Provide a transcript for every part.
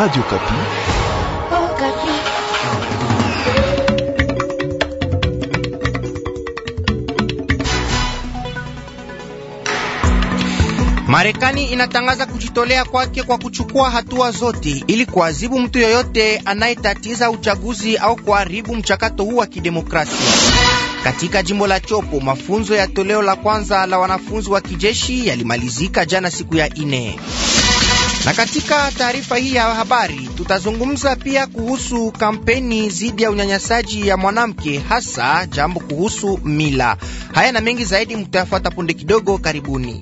Radio Kapi. Oh, Kapi. Marekani inatangaza kujitolea kwake kwa kuchukua hatua zote ili kuadhibu mtu yoyote anayetatiza uchaguzi au kuharibu mchakato huu wa kidemokrasia. Katika jimbo la Chopo, mafunzo ya toleo la kwanza la wanafunzi wa kijeshi yalimalizika jana siku ya ine. Na katika taarifa hii ya habari tutazungumza pia kuhusu kampeni dhidi ya unyanyasaji ya mwanamke, hasa jambo kuhusu mila. Haya na mengi zaidi mtayafuata punde kidogo. Karibuni.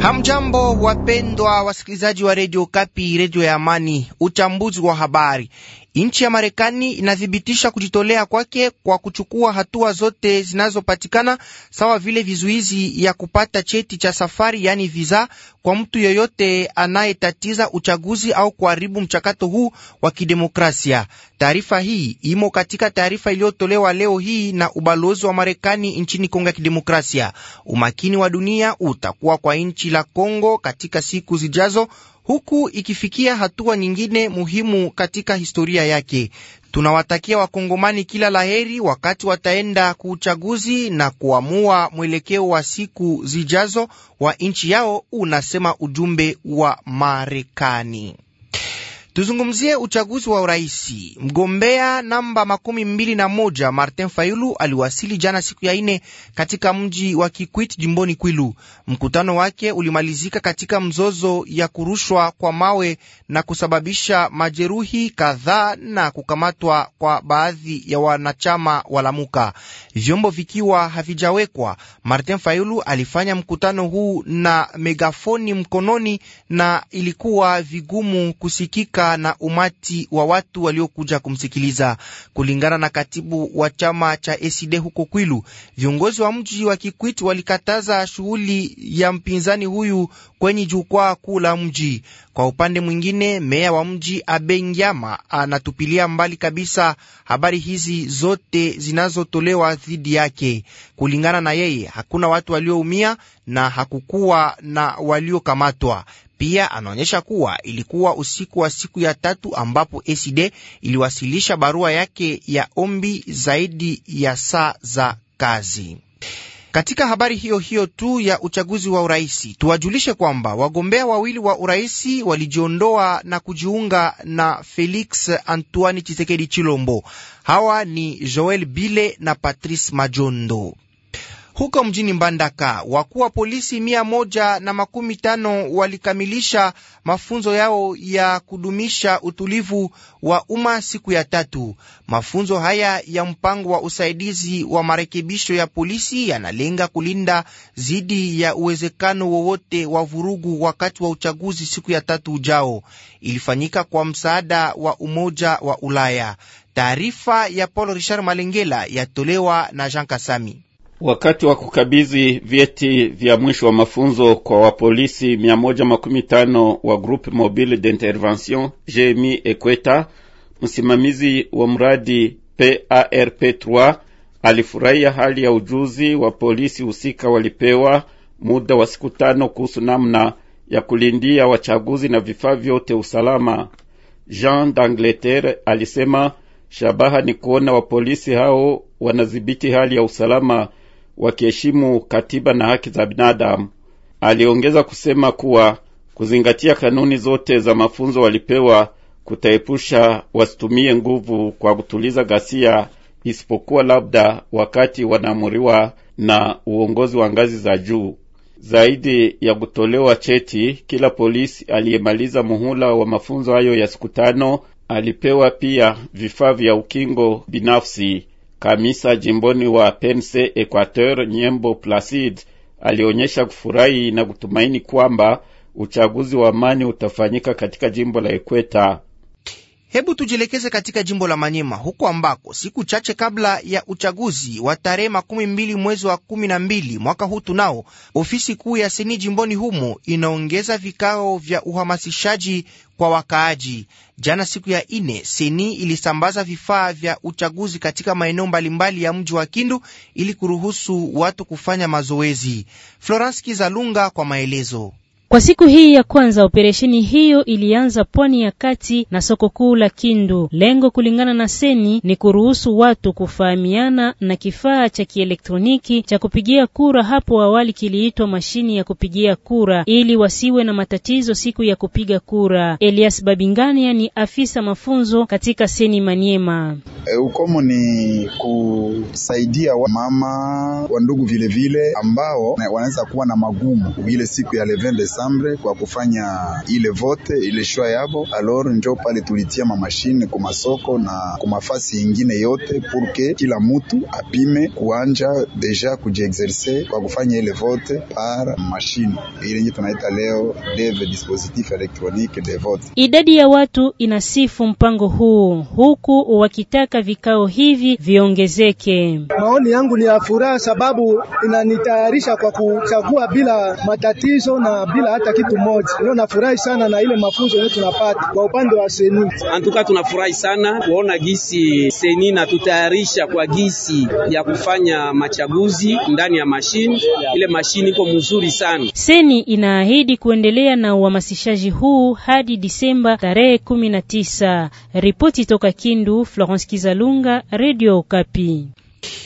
Hamjambo wapendwa wasikilizaji wa redio Kapi, redio ya amani. Uchambuzi wa habari Nchi ya Marekani inathibitisha kujitolea kwake kwa kuchukua hatua zote zinazopatikana sawa vile vizuizi ya kupata cheti cha safari yani visa kwa mtu yoyote anayetatiza uchaguzi au kuharibu mchakato huu wa kidemokrasia. Taarifa hii imo katika taarifa iliyotolewa leo hii na ubalozi wa Marekani nchini Kongo ya Kidemokrasia. Umakini wa dunia utakuwa kwa nchi la Kongo katika siku zijazo huku ikifikia hatua nyingine muhimu katika historia yake. Tunawatakia wakongomani kila laheri wakati wataenda kuuchaguzi na kuamua mwelekeo wa siku zijazo wa nchi yao, unasema ujumbe wa Marekani. Tuzungumzie uchaguzi wa uraisi. Mgombea namba makumi mbili na moja Martin Fayulu aliwasili jana siku ya ine katika mji wa Kikwit jimboni Kwilu. Mkutano wake ulimalizika katika mzozo ya kurushwa kwa mawe na kusababisha majeruhi kadhaa na kukamatwa kwa baadhi ya wanachama wa Lamuka, vyombo vikiwa havijawekwa. Martin Fayulu alifanya mkutano huu na megafoni mkononi na ilikuwa vigumu kusikika kutumika na umati wa watu waliokuja kumsikiliza. Kulingana na katibu wa chama cha ACD huko Kwilu, viongozi wa mji wa Kikwit walikataza shughuli ya mpinzani huyu kwenye jukwaa kuu la mji. Kwa upande mwingine, meya wa mji Abengyama anatupilia mbali kabisa habari hizi zote zinazotolewa dhidi yake. Kulingana na yeye, hakuna watu walioumia na hakukuwa na waliokamatwa. Pia anaonyesha kuwa ilikuwa usiku wa siku ya tatu ambapo ACD iliwasilisha barua yake ya ombi zaidi ya saa za kazi. Katika habari hiyo hiyo tu ya uchaguzi wa uraisi, tuwajulishe kwamba wagombea wawili wa uraisi walijiondoa na kujiunga na Felix Antoine Chisekedi Chilombo. Hawa ni Joel Bile na Patrice Majondo huko mjini Mbandaka. Wakuu wa polisi mia moja na makumi tano walikamilisha mafunzo yao ya kudumisha utulivu wa umma siku ya tatu. Mafunzo haya ya mpango wa usaidizi wa marekebisho ya polisi yanalenga kulinda dhidi ya uwezekano wowote wa vurugu wakati wa uchaguzi siku ya tatu ujao. Ilifanyika kwa msaada wa Umoja wa Ulaya. Taarifa ya Paul Richard Malengela yatolewa na Jean Kasami. Wakati wa kukabidhi vyeti vya mwisho wa mafunzo kwa wapolisi 115 wa Groupe Mobile d'Intervention GMI Equeta, msimamizi wa mradi PARP3 alifurahia hali ya ujuzi wa polisi husika. Walipewa muda wa siku tano kuhusu namna ya kulindia wachaguzi na vifaa vyote usalama. Jean d'Angleterre alisema shabaha ni kuona wapolisi hao wanadhibiti hali ya usalama wakiheshimu katiba na haki za binadamu. Aliongeza kusema kuwa kuzingatia kanuni zote za mafunzo walipewa kutaepusha wasitumie nguvu kwa kutuliza ghasia, isipokuwa labda wakati wanaamuriwa na uongozi wa ngazi za juu. Zaidi ya kutolewa cheti, kila polisi aliyemaliza muhula wa mafunzo hayo ya siku tano alipewa pia vifaa vya ukingo binafsi kamisa jimboni wa Pense Equateur Nyembo Placide alionyesha kufurahi na kutumaini kwamba uchaguzi wa amani utafanyika katika jimbo la ekweta Hebu tujielekeze katika jimbo la Manyema huko ambako siku chache kabla ya uchaguzi wa tarehe makumi mbili mwezi wa kumi na mbili mwaka huu tunao, ofisi kuu ya seni jimboni humo inaongeza vikao vya uhamasishaji kwa wakaaji. Jana siku ya ine, seni ilisambaza vifaa vya uchaguzi katika maeneo mbalimbali ya mji wa Kindu ili kuruhusu watu kufanya mazoezi. Florence Kizalunga kwa maelezo. Kwa siku hii ya kwanza operesheni hiyo ilianza pwani ya kati na soko kuu la Kindu. Lengo kulingana na Seni ni kuruhusu watu kufahamiana na kifaa cha kielektroniki cha kupigia kura, hapo awali kiliitwa mashini ya kupigia kura, ili wasiwe na matatizo siku ya kupiga kura. Elias Babingania ni afisa mafunzo katika Seni Maniema. E, ukomo ni kusaidia wa mama wa ndugu vilevile ambao wanaweza kuwa na magumu ile siku ya 20 ensemble kwa kufanya ile vote ile shua yabo, alors njo pale tulitia mamashine masoko na kumafasi ingine yote, purke kila mutu apime kuanja deja kujiexerse kwa kufanya ile vote par mashine ile nye tunaita leo leve dispositif elektronique de vote. Idadi ya watu inasifu mpango huu huku wakitaka vikao hivi viongezeke. Maoni yangu ni ya furaha, sababu inanitayarisha kwa kuchagua bila matatizo na bila wala hata kitu moja. Leo nafurahi sana na ile mafunzo yetu tunapata kwa upande wa seni. Antuka tunafurahi sana kuona gisi seni na tutayarisha kwa gisi ya kufanya machaguzi ndani ya mashine. Ile mashini iko mzuri sana. Seni inaahidi kuendelea na uhamasishaji huu hadi Disemba tarehe 19. Ripoti toka Kindu, Florence Kizalunga, Radio Kapi.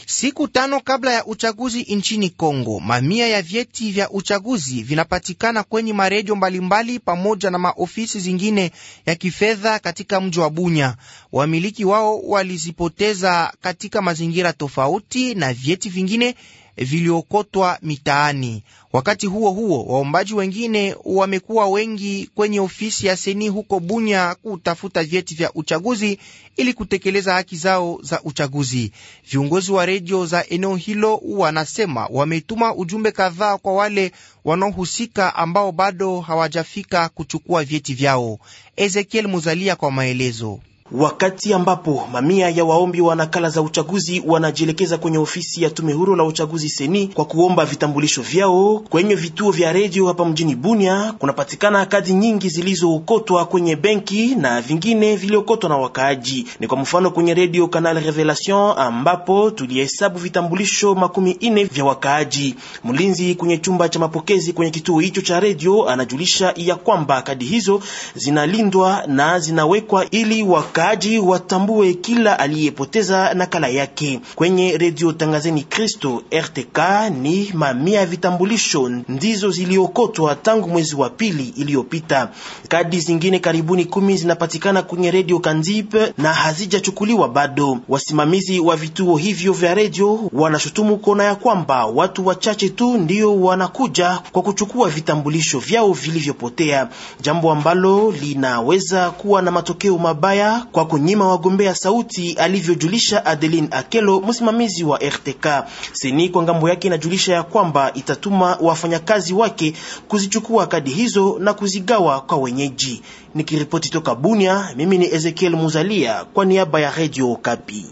Siku tano kabla ya uchaguzi nchini Kongo, mamia ya vyeti vya uchaguzi vinapatikana kwenye maredio mbalimbali pamoja na maofisi zingine ya kifedha katika mji wa Bunya. Wamiliki wao walizipoteza katika mazingira tofauti na vyeti vingine viliokotwa mitaani. Wakati huo huo, waombaji wengine wamekuwa wengi kwenye ofisi ya seni huko Bunya kutafuta vyeti vya uchaguzi ili kutekeleza haki zao za uchaguzi. Viongozi wa redio za eneo hilo wanasema wametuma ujumbe kadhaa kwa wale wanaohusika ambao bado hawajafika kuchukua vyeti vyao. Ezekiel Muzalia kwa maelezo. Wakati ambapo mamia ya waombi wa nakala za uchaguzi wanajielekeza kwenye ofisi ya tume huru la uchaguzi seni kwa kuomba vitambulisho vyao kwenye vituo vya redio hapa mjini Bunia, kunapatikana kadi nyingi zilizookotwa kwenye benki na vingine viliokotwa na wakaaji. Ni kwa mfano kwenye redio Canal Revelation ambapo tulihesabu vitambulisho makumi ine vya wakaaji. Mlinzi kwenye chumba cha mapokezi kwenye kituo hicho cha redio anajulisha ya kwamba kadi hizo zinalindwa na zinawekwa ili waka wakaaji watambue kila aliyepoteza nakala yake. Kwenye redio Tangazeni Kristo RTK ni mamia ya vitambulisho ndizo ziliokotwa tangu mwezi wa pili iliyopita. Kadi zingine karibuni kumi zinapatikana kwenye redio Kandipe na hazijachukuliwa bado. Wasimamizi wa vituo hivyo vya redio wanashutumu kuona ya kwamba watu wachache tu ndio wanakuja kwa kuchukua vitambulisho vyao vilivyopotea, jambo ambalo linaweza kuwa na matokeo mabaya kwa kunyima wagombea sauti, alivyojulisha Adeline Akelo, msimamizi wa RTK. Seni kwa ngambo yake inajulisha ya kwamba itatuma wafanyakazi wake kuzichukua kadi hizo na kuzigawa kwa wenyeji. Nikiripoti toka Bunia, mimi ni Ezekiel Muzalia kwa niaba ya Radio Kapi.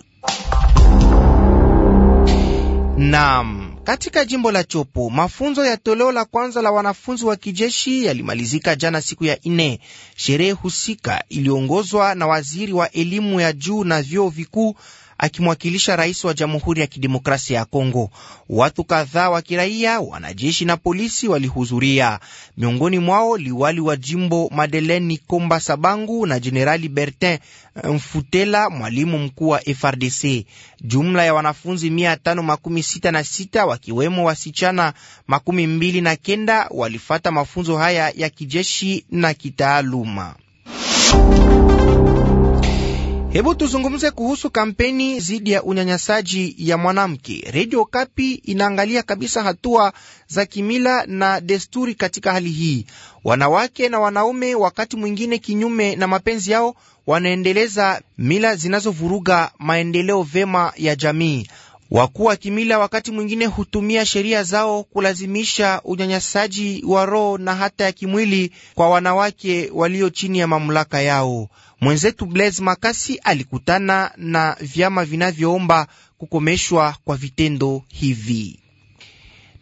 Naam. Katika jimbo la Chopo, mafunzo ya toleo la kwanza la wanafunzi wa kijeshi yalimalizika jana siku ya ine Sherehe husika iliongozwa na waziri wa elimu ya juu na vyuo vikuu akimwakilisha rais wa Jamhuri ya Kidemokrasia ya Kongo. Watu kadhaa wa kiraia, wanajeshi na polisi walihudhuria, miongoni mwao liwali wa jimbo Madeleni Komba Sabangu na Jenerali Bertin Mfutela, mwalimu mkuu wa FRDC. Jumla ya wanafunzi 566 wakiwemo wasichana makumi mbili na kenda walifata mafunzo haya ya kijeshi na kitaaluma. Hebu tuzungumze kuhusu kampeni dhidi ya unyanyasaji ya mwanamke. Redio Kapi inaangalia kabisa hatua za kimila na desturi katika hali hii. Wanawake na wanaume, wakati mwingine kinyume na mapenzi yao, wanaendeleza mila zinazovuruga maendeleo vema ya jamii. Wakuu wa kimila wakati mwingine hutumia sheria zao kulazimisha unyanyasaji wa roho na hata ya kimwili kwa wanawake walio chini ya mamlaka yao. Mwenzetu Blaise Makasi alikutana na vyama vinavyoomba kukomeshwa kwa vitendo hivi.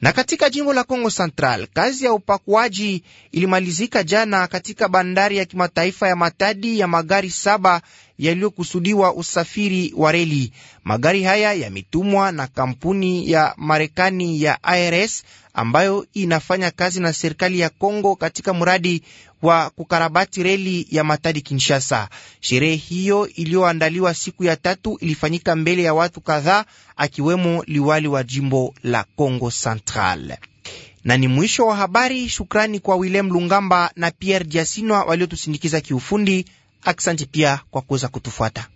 Na katika jimbo la congo Central, kazi ya upakuaji ilimalizika jana katika bandari ya kimataifa ya Matadi ya magari saba yaliyokusudiwa usafiri wa reli. Magari haya yametumwa na kampuni ya Marekani ya IRS ambayo inafanya kazi na serikali ya Kongo katika mradi wa kukarabati reli ya Matadi Kinshasa. Sherehe hiyo iliyoandaliwa siku ya tatu ilifanyika mbele ya watu kadhaa akiwemo liwali wa jimbo la Kongo Central. Na ni mwisho wa habari. Shukrani kwa Willem Lungamba na Pierre jasinwa waliotusindikiza kiufundi. Aksanti pia kwa kuweza kutufuata.